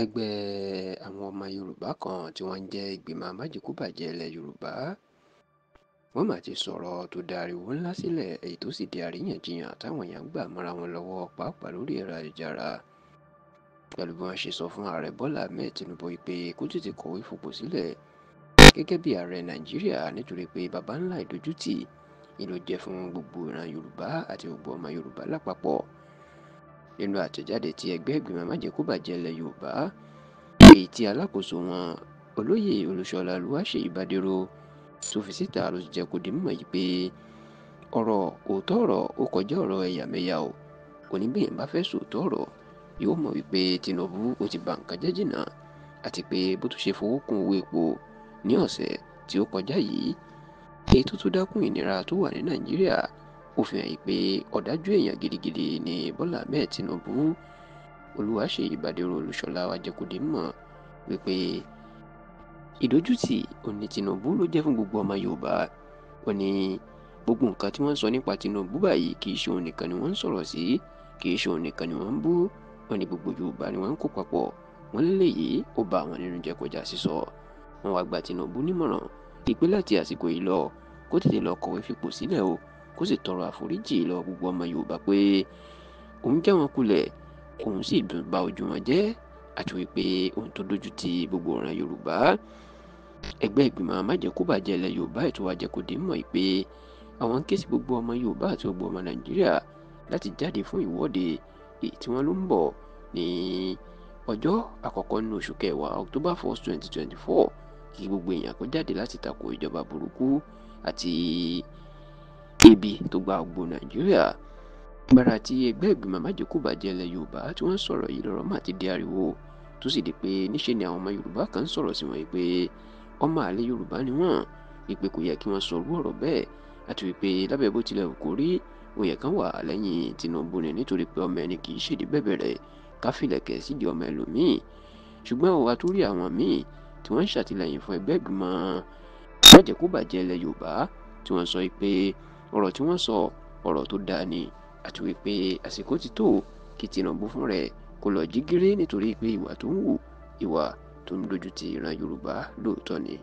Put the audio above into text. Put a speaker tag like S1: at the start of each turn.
S1: Ẹgbẹ́ àwọn ọmọ Yorùbá kan tí wọ́n ń jẹ́ Ìgbìmọ̀ Amájẹkúbàjẹ́ ilẹ̀ Yorùbá wọ́n mà ti sọ̀rọ̀ tó da ariwo ńlá sílẹ̀ èyí tó sì di àríyànjiyàn táwọn èèyàn gbà mọ́ra wọn lọ́wọ́ pàápàá lórí ẹ̀rọ ayélujára pẹ̀lú bí wọ́n ṣe sọ fún ààrẹ Bọ́lá Ahmed Tinubu pé kó tètè kọ̀wé fipò sílẹ̀ gẹ́gẹ́ bí ààrẹ Nàìjíríà nítorí pé baba ìdójútì ni jẹ́ fún gbogbo ìran Yorùbá àti gbogbo ọmọ Yorùbá lápapọ̀ nínú àtẹ̀jáde tí ẹgbẹ́ ìgbìmọ̀ májèkúbàjẹ́ ilẹ̀ yorùbá èyí tí alákòóso wọn olóyè olùṣọ́lá olúwaṣèyí ìbádéró tó fi síta ló ti jẹ́ kó di mímọ̀ yìí pé ọ̀rọ̀ òótọ́ ọ̀rọ̀ ó kọjá ọ̀rọ̀ ẹ̀yàmẹ̀yà o kò ní bí èèyàn bá fẹ́ sòótọ́ ọ̀rọ̀ yóò mọ̀ wípé Tinubu ó ti ba nǹkan jẹ́ jìnnà àti pé bó tún ṣe fowó kún owó epo ní ọ̀sẹ̀ tí ó kọjá yìí èyí tó tún dákún ìnira tó wà ní Nàìjíríà ó fi hàn pé ọ̀dájú èèyàn gidigidi ni Bọ́lá Ahmed Tinubu Olúwaṣèyí Bàdérò Olúṣọlá wa jẹ́ kó di mọ̀ wípé ìdójútì òní Tinubu ló jẹ́ fún gbogbo ọmọ Yorùbá ó ní gbogbo nǹkan tí wọ́n ń sọ nípa Tinubu báyìí kì í ṣe òun nìkan ni wọ́n ń sọ̀rọ̀ sí kì í ṣe òun nìkan ni wọ́n ń bú ó ní gbogbo Yorùbá ni wọ́n ń kó papọ̀ wọ́n léyìí ó bà àwọn nínú jẹ́ kọjá sísọ wọ́n wá gba Tinubu nímọ̀ràn ìpè láti àsìkò yìí lọ kó tètè lọ kọ̀wé fipò sílẹ̀ o kó sì tọrọ àforíjì lọ gbogbo ọmọ Yorùbá pé òun já wọn kulẹ̀ òun sì bà ojú wọn jẹ́ àti wípé ohun tó dojú ti gbogbo ọ̀ràn Yorùbá ẹgbẹ́ ìgbìmọ̀ amájẹkúbàjẹ́ ilẹ̀ Yorùbá ètò àjẹkòdè mọ̀ pé àwọn ké sí gbogbo ọmọ Yorùbá àti gbogbo ọmọ Nàìjíríà láti jáde fún ìwọ́de èyí tí wọ́n ló ń bọ̀ ní ọjọ́ àkọ́kọ́ nínú oṣù kẹwàá October 1st 2024 kí gbogbo èèyàn kó jáde láti tako ìjọba burúkú àti ebi tó gba ògbó nàìjíríà gbàrà tí ẹgbẹ́ ìgbìmọ̀ májèkúbàjẹ́ ilẹ̀ yorùbá tí wọ́n sọ̀rọ̀ yìí lọ́rọ̀ máa ti di ariwo tó sì di pé níṣe ni àwọn ọmọ yorùbá kan sọ̀rọ̀ sí wọn pé ọmọ àlè yorùbá ni wọ́n ìpè kò yẹ kí wọ́n sọ orú ọ̀rọ̀ bẹ́ẹ̀ àti wípé lábẹ́ bó tilẹ̀ kò rí òye kan wà lẹ́yìn tinubu ni nítorí pé ọmọ ẹni kì í ṣèdí bẹ́bẹ̀ rẹ̀ káfílẹ̀kẹ̀ sídi ọmọ ẹlòmíì ṣùgbọ́n ó wá tó rí àwọn míì tí wọ́n ń ṣàtìlẹ́yìn fún ẹgbẹ́ ìgbìmọ̀ májèkúbàjẹ́ ilẹ̀ yorùbá tí wọ́n sọ pé ọ̀rọ̀ tí wọ́n sọ ọ̀rọ̀ tó dáa ni àti wípé àsìkò ti tó kí Tinubu fún rẹ̀ kó lọ jí gíré nítorí pé ìwà tó ń wù ìwà tó ń dojú ti ìran Yorùbá lóòótọ́ ni.